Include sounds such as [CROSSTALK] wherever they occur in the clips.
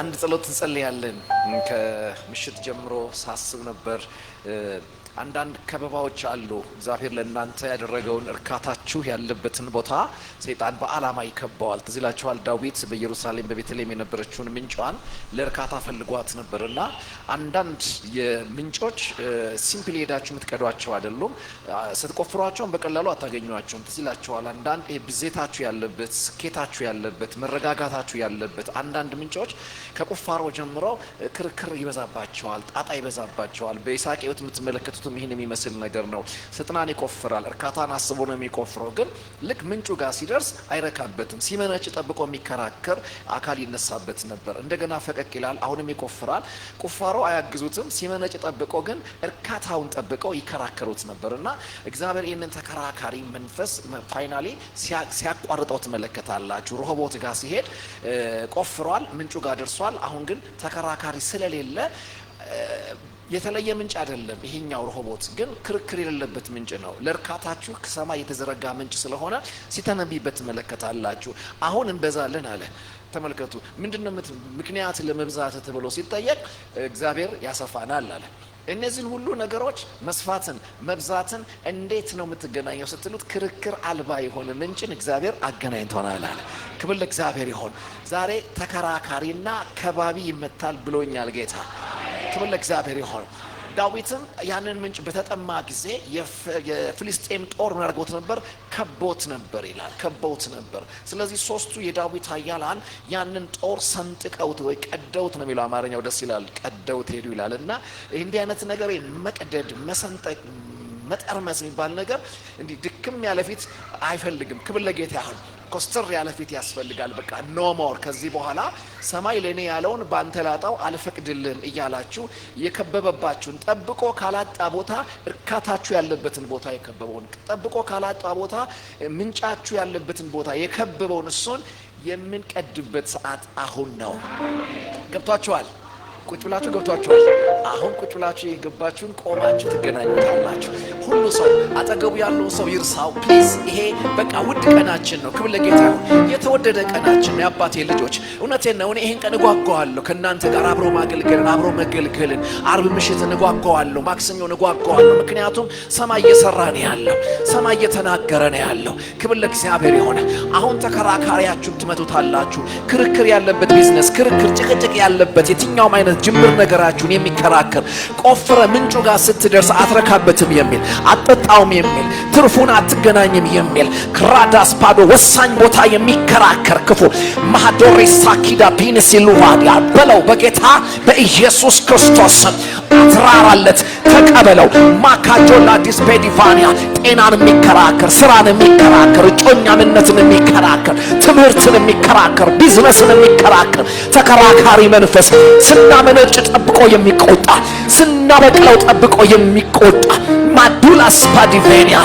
አንድ ጸሎት እንጸልያለን። ከምሽት ጀምሮ ሳስብ ነበር አንዳንድ ከበባዎች አሉ። እግዚአብሔር ለእናንተ ያደረገውን እርካታችሁ ያለበትን ቦታ ሰይጣን በዓላማ ይከባዋል። ትዝ ይላችኋል፣ ዳዊት በኢየሩሳሌም በቤተልሔም የነበረችውን ምንጯን ለእርካታ ፈልጓት ነበር እና አንዳንድ የምንጮች ሲምፕል ሄዳችሁ የምትቀዷቸው አይደሉም። ስትቆፍሯቸውን በቀላሉ አታገኟቸውም። ትዝ ይላችኋል፣ አንዳንድ ብዜታችሁ ያለበት፣ ስኬታችሁ ያለበት፣ መረጋጋታችሁ ያለበት አንዳንድ ምንጮች ከቁፋሮ ጀምረው ክርክር ይበዛባቸዋል፣ ጣጣ ይበዛባቸዋል። በይስሐቅ ሕይወት የምትመለከቱት ምክንያቱም ይህን የሚመስል ነገር ነው። ስጥናን ይቆፍራል፣ እርካታን አስቦ ነው የሚቆፍረው። ግን ልክ ምንጩ ጋር ሲደርስ አይረካበትም። ሲመነጭ ጠብቆ የሚከራከር አካል ይነሳበት ነበር። እንደገና ፈቀቅ ይላል፣ አሁንም ይቆፍራል። ቁፋሮ አያግዙትም። ሲመነጭ ጠብቆ ግን እርካታውን ጠብቀው ይከራከሩት ነበር እና እግዚአብሔር ይህንን ተከራካሪ መንፈስ ፋይናሌ ሲያቋርጠው ትመለከታላችሁ። ሮሆቦት ጋር ሲሄድ ቆፍሯል፣ ምንጩ ጋር ደርሷል። አሁን ግን ተከራካሪ ስለሌለ የተለየ ምንጭ አይደለም። ይሄኛው ሮቦት ግን ክርክር የሌለበት ምንጭ ነው። ለእርካታችሁ ከሰማይ የተዘረጋ ምንጭ ስለሆነ ሲተነብይበት ትመለከታላችሁ። አሁን እንበዛለን አለ። ተመልከቱ፣ ምንድነው ምክንያት ለመብዛት ተብሎ ሲጠየቅ እግዚአብሔር ያሰፋናል አለ። እነዚህን ሁሉ ነገሮች መስፋትን፣ መብዛትን እንዴት ነው የምትገናኘው ስትሉት ክርክር አልባ የሆነ ምንጭን እግዚአብሔር አገናኝቶናል አለ። ክብር ለእግዚአብሔር ይሆን። ዛሬ ተከራካሪና ከባቢ ይመታል ብሎኛል ጌታ። ክብር ለእግዚአብሔር ይሆን። ዳዊትም ያንን ምንጭ በተጠማ ጊዜ የፍልስጤም ጦር ምን አድርጎት ነበር? ከቦት ነበር ይላል። ከቦት ነበር። ስለዚህ ሶስቱ የዳዊት ኃያላን ያንን ጦር ሰንጥቀውት ወይ ቀደውት ነው የሚለው አማርኛው፣ ደስ ይላል። ቀደውት ሄዱ ይላል እና እንዲህ አይነት ነገር መቀደድ፣ መሰንጠቅ መጠርመስ የሚባል ነገር እንዲህ ድክም ያለፊት አይፈልግም። ክብር ለጌታ ኮስተር ያለ ፊት ያስፈልጋል። በቃ ኖ ሞር ከዚህ በኋላ ሰማይ ለእኔ ያለውን ባንተ ላጣው አልፈቅድልም እያላችሁ የከበበባችሁን ጠብቆ ካላጣ ቦታ እርካታችሁ ያለበትን ቦታ የከበበውን ጠብቆ ካላጣ ቦታ ምንጫችሁ ያለበትን ቦታ የከበበውን እሱን የምንቀድበት ሰዓት አሁን ነው። ገብቷችኋል? ቁጭ ብላችሁ ገብቷችኋል። አሁን ቁጭ ብላችሁ የገባችሁን ቆማችሁ ትገናኙታላችሁ። ሁሉ ሰው አጠገቡ ያለው ሰው ይርሳው ፕሊዝ። ይሄ በቃ ውድ ቀናችን ነው። ክብር ለጌታ ይሁን። የተወደደ ቀናችን ነው። የአባቴ ልጆች እውነቴን ነው። እኔ ይህን ቀን እጓጓዋለሁ ከእናንተ ጋር አብሮ ማገልገልን አብሮ መገልገልን። አርብ ምሽት እጓጓዋለሁ፣ ማክሰኞን እጓጓዋለሁ። ምክንያቱም ሰማይ እየሰራ ነው ያለው፣ ሰማይ እየተናገረ ነው ያለው። ክብር ለእግዚአብሔር የሆነ አሁን ተከራካሪያችሁም ትመቱታላችሁ። ክርክር ያለበት ቢዝነስ፣ ክርክር ጭቅጭቅ ያለበት የትኛውም አይነት ጅምር ነገራችሁን የሚከራከር ቆፍረ ምንጩ ጋር ስትደርስ አትረካበትም የሚል አጠጣውም የሚል ትርፉን አትገናኝም የሚል ክራዳስ ፓዶ ወሳኝ ቦታ የሚከራከር ክፉ ማዶሬ ሳኪዳ ቢንስ ይሉሃዲያ በለው በጌታ በኢየሱስ ክርስቶስ አትራራለት። ተቀበለው። ማካጆላ ዲስፔዲፋኒያ ጤናን የሚከራከር ስራን የሚከራከር እጮኛምነትን የሚከራከር ትምህርትን የሚከራከር ቢዝነስን የሚከራከር ተከራካሪ መንፈስ ስናመነጭ ጠብቆ የሚቆጣ ስናበቅለው ጠብቆ የሚቆጣ ማዱላስ ፓዲቬኒያ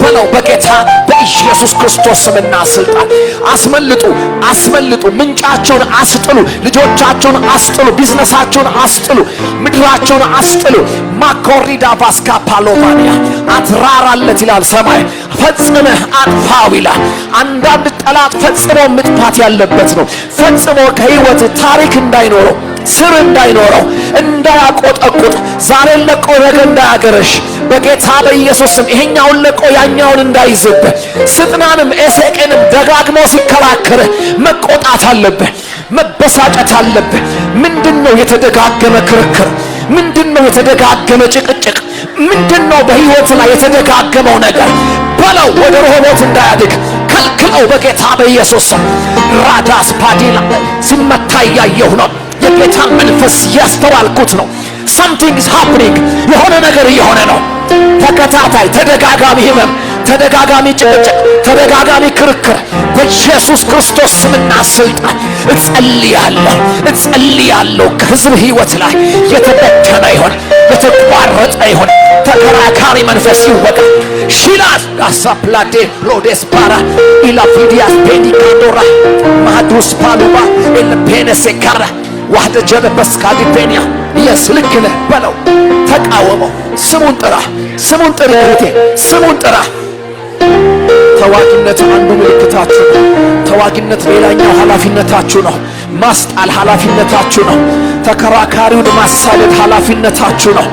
በለው በጌታ በኢየሱስ ክርስቶስ ስምና ስልጣን አስመልጡ፣ አስመልጡ። ምንጫቸውን አስጥሉ፣ ልጆቻቸውን አስጥሉ፣ ቢዝነሳቸውን አስጥሉ፣ ምድራቸውን አስጥሉ። ማኮሪዳ ቫስካ ፓሎቫኒያ አትራራለት ይላል ሰማይ። ፈጽመህ አጥፋው ይላል። አንዳንድ ጠላት ፈጽሞ ምጥፋት ያለበት ነው። ፈጽሞ ከህይወት ታሪክ እንዳይኖረው ስር እንዳይኖረው እንዳያቆጠቁጥ፣ ዛሬን ለቆ ነገ እንዳያገረሽ በጌታ በኢየሱስም ይሄኛውን ለቆ ያኛውን እንዳይዝብ፣ ስጥናንም ኤሴቄንም ደጋግሞ ሲከራከርህ መቆጣት አለብህ፣ መበሳጨት አለብህ። ምንድን ነው የተደጋገመ ክርክር? ምንድን ነው የተደጋገመ ጭቅጭቅ? ምንድን ነው በሕይወት ላይ የተደጋገመው ነገር? በለው ወደ ሮሆቦት እንዳያድግ ከልክለው በጌታ በኢየሱስም። ራዳስ ፓዲላ ሲመታ እያየሁ ነው። የጌታ መንፈስ ያስተዋልኩት ነው። something is happening የሆነ ነገር እየሆነ ነው። ተከታታይ ተደጋጋሚ ህመም፣ ተደጋጋሚ ጭቅጭቅ፣ ተደጋጋሚ ክርክር በኢየሱስ ክርስቶስ ስምና ስልጣን እጸልያለሁ እጸልያለሁ ከህዝብ ህይወት ላይ የተበተነ ይሆን የተቋረጠ ይሆን ተከራካሪ መንፈስ ይወጋ። ሺላስ ዳሳፕላዴ ሎዴስ ባራ ኢላፊዲያስ ፔዲካዶራ ማዱስ ፓሉባ ኤልፔነሴካራ ዋህደ ጀነበስ ካዲፔንያ ኢየስ ልክ ነህ በለው። ተቃወመው። ስሙን ጥራ፣ ስሙን ጥሪ፣ እህቴ ስሙን ጥራ። ተዋጊነት አንዱ ምልክታችሁ ነው። ተዋጊነት ሌላኛው ኃላፊነታችሁ ነው። ማስጣል ኃላፊነታችሁ ነው። ተከራካሪውን ማሳደድ ኃላፊነታችሁ ነው።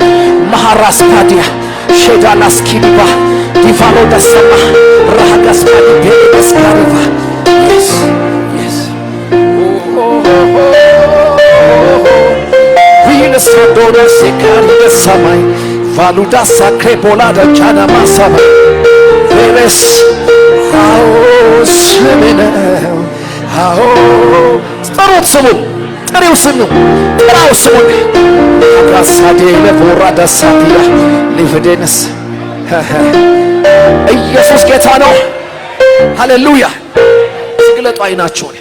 መሐራስ ታዲያ ሼዳ ላስኪዲባ ዲፋሎ ደሰማ ራሃጋስ ካዲፔ ደስካሪባ ሰማይ ቫሉዳ ሳክሬ ቦላ ደቻና ማሰባ ሬስ አዎ ስሜ ነው። አዎ ጥሩት ስሙ ጥሪው ስሙ ጥራው ስሙ ራሳዴ ለቦራ ደሳትያ ሊፍዴንስ ኢየሱስ ጌታ ነው። ሃሌሉያ ስግለጡ አይናችሁን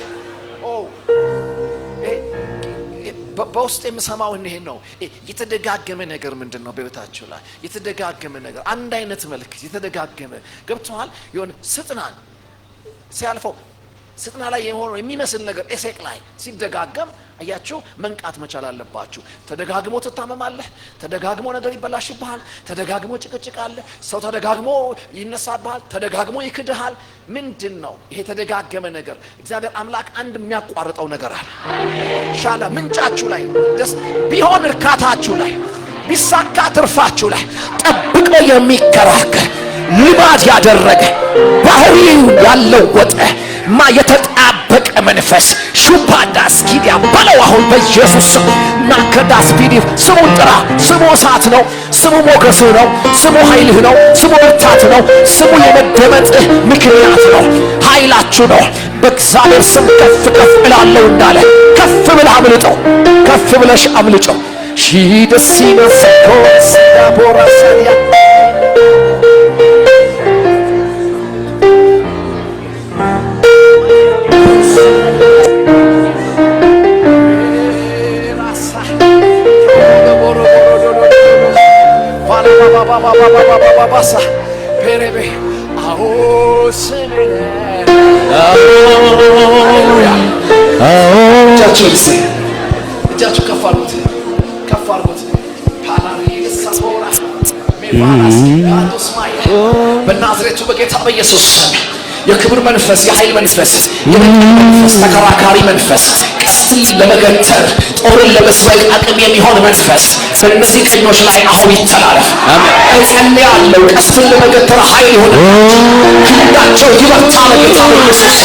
በውስጥ የምሰማው ይሄን ነው። የተደጋገመ ነገር ምንድን ነው? በቤታቸው ላይ የተደጋገመ ነገር አንድ አይነት መልክት የተደጋገመ ገብተዋል። የሆነ ስጥናን ሲያልፈው ስጥና ላይ የሆነው የሚመስል ነገር ኤሴቅ ላይ ሲደጋገም አያችሁ፣ መንቃት መቻል አለባችሁ። ተደጋግሞ ትታመማለህ፣ ተደጋግሞ ነገር ይበላሽብሃል፣ ተደጋግሞ ጭቅጭቅ አለ፣ ሰው ተደጋግሞ ይነሳብሃል፣ ተደጋግሞ ይክድሃል። ምንድን ነው ይሄ ተደጋገመ ነገር? እግዚአብሔር አምላክ አንድ የሚያቋርጠው ነገር አለ። ሻላ ምንጫችሁ ላይ ደስ ቢሆን እርካታችሁ ላይ ቢሳካ ትርፋችሁ ላይ ጠብቆ የሚከራከር ልማድ ያደረገ ባህሪው ያለወጠ ማ የተጣበቀ መንፈስ ሹባዳስ ጊዲያ በለው አሁን በኢየሱስ ስም ናከዳስ ጊዲ ስሙን ጥራ። ስሙ እሳት ነው። ስሙ ሞገስህ ነው። ስሙ ኃይልህ ነው። ስሙ ብርታት ነው። ስሙ የመደመጥህ ምክንያት ነው። ኃይላችሁ ነው። በእግዚአብሔር ስም ከፍ ከፍ እላለሁ እንዳለ ከፍ ብለህ አምልጠው። ከፍ ብለሽ አምልጨው ሺ ደስ ይመሰኮ ስዳቦራ ባባባባባባባባሳ ፔሬቤ አዎ ስሜነ እጃችሁ ከፍ አድርጉት፣ ከፍ አድርጉት። በናዝሬቱ በጌታ በኢየሱስ የክብር መንፈስ፣ የኃይል መንፈስ፣ የመንፈስ፣ ተከራካሪ መንፈስ ስልት ለመገተር ጦርን ለመስበቅ አቅም የሚሆን መንፈስ በሙዚቀኞች ላይ አሁን ይተላለፍ። እጸልያለሁ ቀስትን ለመገተር ኃይል ይሆን ክንዳቸው ይበርታ። ለጌታ ኢየሱስ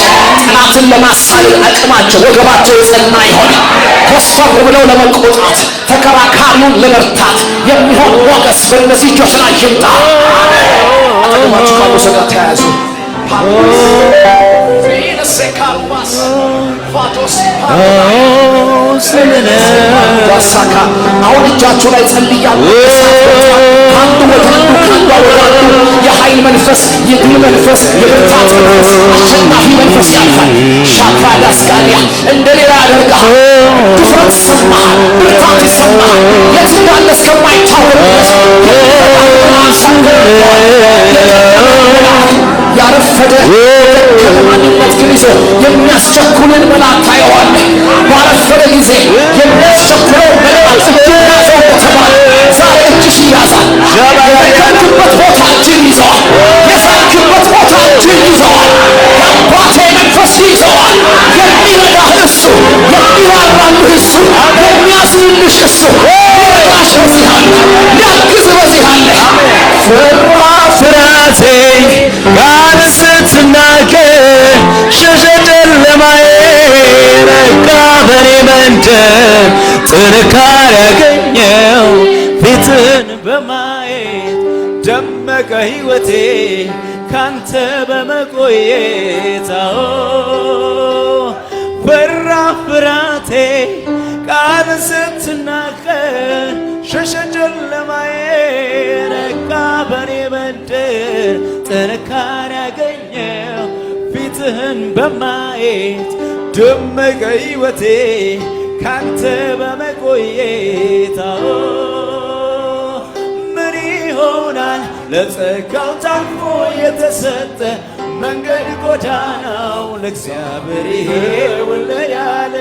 ጠላትን ለማሳለል አቅማቸው ወገባቸው የጸና ይሆን ኮስተር ብለው ለመቆጣት ተከራካሪውን ለመርታት የሚሆን ሞገስ በእነዚህ እጆች ላይ ይምጣ። አጠገባችሁ ካሉ ሰው ጋር ተያያዙ። አሁን እጃችሁ ላይ ጸልያለሁ። የኃይል መንፈስ፣ የድል መንፈስ፣ የብርታት መንፈስ፣ አሸናፊ መንፈስ ድፍረት ይሰማሃል፣ ብርታት ይሰማሃል። የት እንዳለ እስከማይታወቅ ያረፈደ ከማንም መትክሪሶ የሚያስቸኩልን መልአክ ታየዋለህ። ባረፈደ ጊዜ የሚያስቸኩለው መልአክ ያዘው ተባለ። ዛሬ እጅሽ ይያዛል። የሰከንክበት ቦታ እጅን ይዘዋል። የሰንክበት ቦታ እጅን ይዘዋል። የአባቴ መንፈስ ይዘዋል። የሚረዳህ እሱ፣ የሚራራልህ እሱ፣ የሚያዝንልሽ እሱ። ሊረዳሽ በዚህ አለ፣ ሊያግዝ በዚህ አለ። ፍራ ወደ ጥንካሬ ያገኘው ፊትን በማየት ደመቀ ህይወቴ ካንተ በመቆየት ፈራ ፍራቴ ቃል ስትናገር ሸሸ ጨለማዬ ነጋ በኔ መንደር ጥንካሬ ያገኘው ፊትህን በማየት ደመቀ ሕይወቴ ካንተ በመቆየታ ምን ይሆናል ለጸጋው ታልፎ የተሰጠ መንገድ ጎዳናው ለእግዚአብሔር ያለ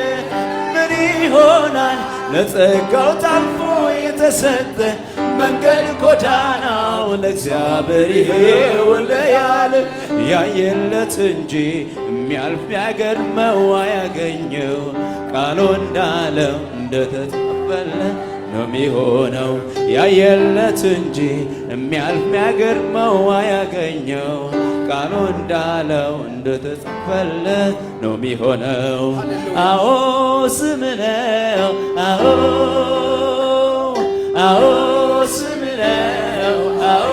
ምን ይሆናል ለጸጋው ታልፎ የተሰጠ መንገድ ጎዳናው ለእግዚአብሔር ይሄውልያለ ያየለት እንጂ የሚያልፍ ያገድመው አያገኘው ቃሉ እንዳለው እንደተጠበለ ነው የሚሆነው። ያየለት እንጂ የሚያልፍ የሚያገርመው አያገኘው። ቃሉ እንዳለው እንደተጻፈለት ነው የሚሆነው። አዎ ስም ነው። አዎ አዎ ስም ነው። አዎ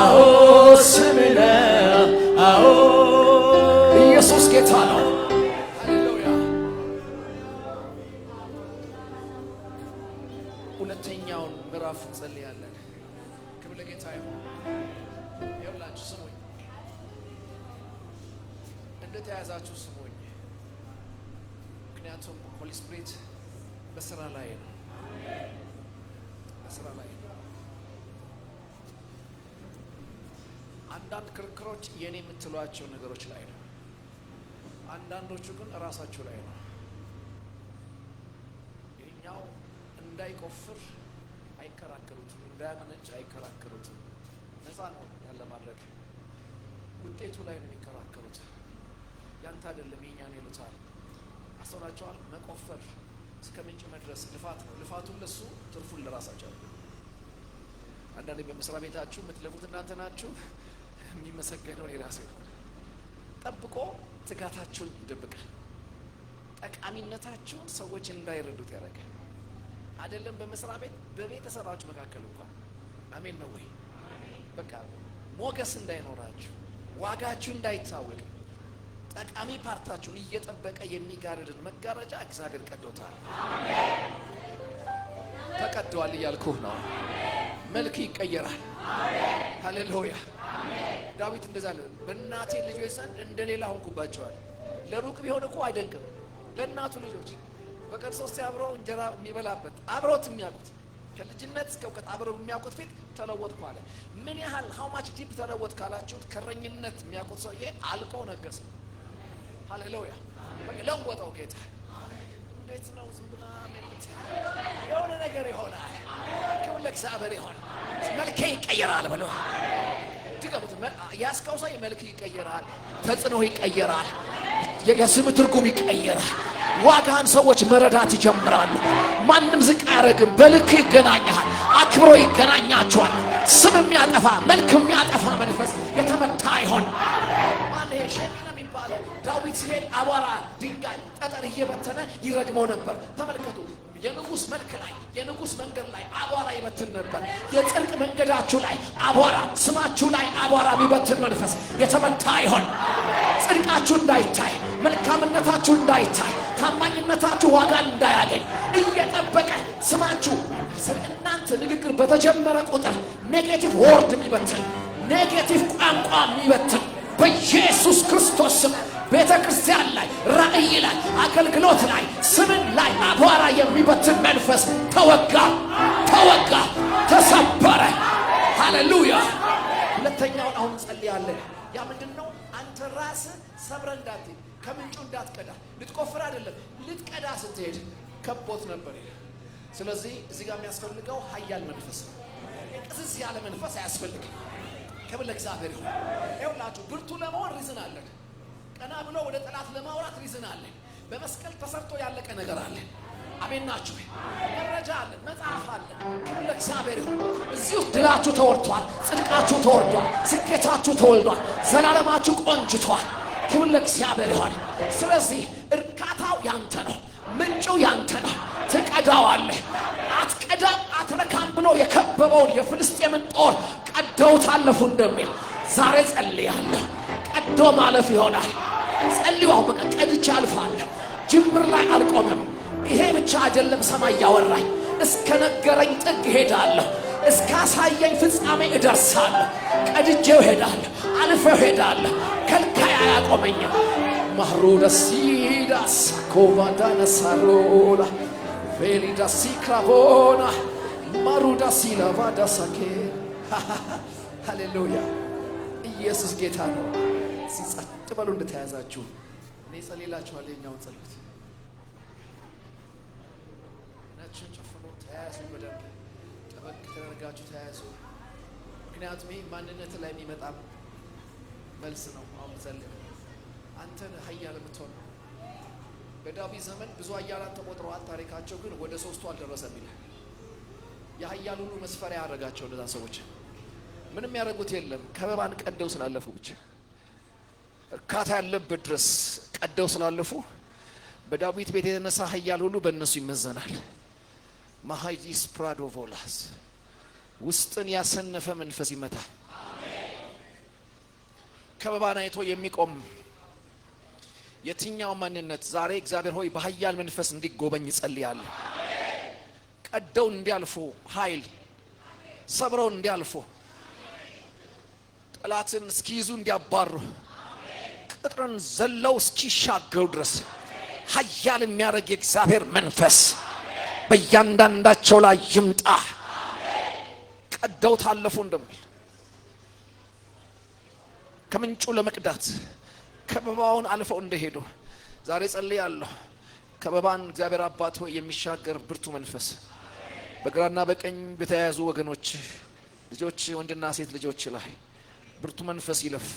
አዎ ስም ነው። አዎ ኢየሱስ ጌታ ነው። ክብር ለጌታ ይሁን። ይኸውላችሁ ስሙኝ፣ እንደተያዛችሁ ስሙኝ። ምክንያቱም ሆሊ ስፕሪት በስራ ላይ ነው፣ በስራ ላይ ነው። አንዳንድ ክርክሮች የኔ የምትሏቸው ነገሮች ላይ ነው። አንዳንዶቹ ግን እራሳችሁ ላይ ነው። ይህኛው እንዳይቆፍር አይከራከሩትም፣ እንዳያመነጭ አይከራከሩትም። ነፃ ነው ያለ ማድረግ ውጤቱ ላይ ነው የሚከራከሩት። ያንተ አይደለም የኛ ነው ይሉታል። አስተውላቸዋል። መቆፈር እስከ ምንጭ መድረስ ልፋት ነው። ልፋቱን ለሱ ትርፉን ለራሳቸው። አንዳንዴ በመስሪያ ቤታችሁ የምትለፉት እናንተ ናችሁ፣ የሚመሰገነው የራሱ ጠብቆ ትጋታችሁን ይደብቃል። ጠቃሚነታችሁን ሰዎች እንዳይረዱት ያደርጋል። አይደለም በመስሪያ ቤት በቤተሰባችሁ መካከል እንኳን አሜን ነው ወይ? በቃ ሞገስ እንዳይኖራችሁ ዋጋችሁ እንዳይታወቅ ጠቃሚ ፓርታችሁን እየጠበቀ የሚጋርድን መጋረጃ እግዚአብሔር ቀዶታል። ተቀደዋል እያልኩህ ነው። መልክ ይቀየራል። ሃሌሉያ። ዳዊት እንደዛ ነው። በእናቴ ልጆች ዘንድ እንደሌላ ሆንኩባቸዋል። ለሩቅ ቢሆን እኮ አይደንቅም። ለእናቱ ልጆች በቀን ሶስት አብሮ እንጀራ የሚበላበት አብሮት የሚያውቁት ከልጅነት እስከ እውቀት አብሮ የሚያውቁት ፊት ተለወጥኩ አለ። ምን ያህል ሀው ማች ዲፕ ተለወጥ ካላችሁት ከረኝነት የሚያውቁት ሰውዬ አልቆ ነገሰ። ሀሌሉያ ለወጠው ጌታ። እንዴት ነው ዝም ብላ የሆነ ነገር ይሆናል። ለእግዚአብሔር ይሆናል። መልኬ ይቀየራል ብሎ ያስቀውሰ የመልክ ይቀየራል፣ ተጽዕኖ ይቀየራል፣ የስም ትርጉም ይቀየራል። ዋጋን ሰዎች መረዳት ይጀምራሉ። ማንም ዝቅ አያደርግም። በልክ ይገናኛል። አክብሮ ይገናኛቸዋል። ስም የሚያጠፋ መልክ የሚያጠፋ መንፈስ የተመታ አይሆን። ዳዊት ሲሄድ አቧራ፣ ድንጋይ፣ ጠጠር እየበተነ ይረግመው ነበር። ተመልከቱ። የንጉስ መልክ ላይ የንጉስ መንገድ ላይ አቧራ ይበትን ነበር። የጽድቅ መንገዳችሁ ላይ አቧራ፣ ስማችሁ ላይ አቧራ የሚበትን መንፈስ የተመታ አይሆን። ጽድቃችሁ እንዳይታይ፣ መልካምነታችሁ እንዳይታይ ታማኝነታችሁ ዋጋ እንዳያገኝ እየጠበቀ ስማችሁ ስለ እናንተ ንግግር በተጀመረ ቁጥር ኔጌቲቭ ወርድ የሚበትን ኔጌቲቭ ቋንቋ የሚበትን በኢየሱስ ክርስቶስ ስም ቤተ ክርስቲያን ላይ ራእይ ላይ አገልግሎት ላይ ስምን ላይ አቧራ የሚበትን መንፈስ ተወጋ፣ ተወጋ፣ ተሰበረ። ሃሌሉያ። ሁለተኛውን አሁን ጸልያለን። ያ ምንድን ነው? አንተ ራስህ ሰብረ እንዳትሄድ ከምንጩ እንዳትቀዳ። ልትቆፍር አይደለም ልትቀዳ ስትሄድ ከቦት ነበር ስለዚህ እዚህ ጋር የሚያስፈልገው ኃያል መንፈስ ነው። ቅዝዝ ያለ መንፈስ አያስፈልግም። ክብር ለእግዚአብሔር ይሁን። ይኸውላችሁ ብርቱ ለመሆን ሪዝን አለን። ቀና ብሎ ወደ ጠላት ለማውራት ሪዝን አለን። በመስቀል ተሰርቶ ያለቀ ነገር አለ። አሜን ናችሁ። መረጃ አለን፣ መጽሐፍ አለን። ክብር ለእግዚአብሔር ይሁን። እዚሁ ድላችሁ ተወርቷል፣ ጽድቃችሁ ተወርዷል፣ ስኬታችሁ ተወልዷል፣ ዘላለማችሁ ቆንጅቷል። ሁሉ እግዚአብሔር ይሆን። ስለዚህ እርካታው ያንተ ነው፣ ምንጩ ያንተ ነው። ትቀዳዋለህ። አትቀዳም አትረካም ብሎ የከበበውን የፍልስጤምን ጦር ቀደው ታለፉ እንደሚል ዛሬ ጸልያለሁ። ቀዶ ማለፍ ይሆናል። ጸልዋው በቃ ቀድቼ አልፋለሁ። ጅምር ላይ አልቆምም። ይሄ ብቻ አይደለም ሰማይ ያወራኝ እስከ ነገረኝ ጥግ እሄዳለሁ። እስካሳየኝ ፍጻሜ እደርሳለሁ። ቀድጄው ሄዳለሁ፣ አልፌው ሄዳለሁ። ከልካይ አያቆመኝም። ማሮ ደሲዳ ሳኮባዳነ ሳሮላ ቬሊዳ ሲክራቦና ማሩዳ [LAUGHS] ሃሌሉያ። ኢየሱስ ጌታ ነው። ሲጸጥ በሉ እንደተያዛችሁ እኔ የኛውን ጸሎት ጨፍኖ ተያያዙ በደንብ ጠበቅ ተደርጋችሁ ተያያዙ። ምክንያቱም ይህ ማንነት ላይ የሚመጣ መልስ ነው። አሁን ዘልም አንተ ሀያል የምትሆን በዳዊት ዘመን ብዙ ሀያላን ተቆጥረዋል። ታሪካቸው ግን ወደ ሶስቱ አልደረሰም ይላል። የሀያል ሁሉ መስፈሪያ ያደረጋቸው እነዛ ሰዎች ምንም ያደረጉት የለም። ከበባን ቀደው ስላለፉ ብቻ እርካታ ያለበት ድረስ ቀደው ስላለፉ በዳዊት ቤት የተነሳ ሀያል ሁሉ በእነሱ ይመዘናል። ማሃይጂስ ፕራዶቮላስ ውስጥን ያሰነፈ መንፈስ ይመታል። ከበባን አይቶ የሚቆም የትኛው ማንነት ዛሬ እግዚአብሔር ሆይ በኃያል መንፈስ እንዲጎበኝ እጸልያለሁ። ቀደው እንዲያልፉ ኃይል ሰብረው እንዲያልፉ ጠላትን እስኪይዙ እንዲያባሩ ቅጥርን ዘለው እስኪሻገሩ ድረስ ኃያል የሚያደርግ የእግዚአብሔር መንፈስ በእያንዳንዳቸው ላይ ይምጣ። ቀደው ታለፉ እንደሚል ከምንጩ ለመቅዳት ከበባውን አልፈው እንደሄዱ ዛሬ ጸልያለሁ። ከበባን እግዚአብሔር አባት ሆይ የሚሻገር ብርቱ መንፈስ በግራና በቀኝ በተያያዙ ወገኖች ልጆች፣ ወንድና ሴት ልጆች ላይ ብርቱ መንፈስ ይለፍ።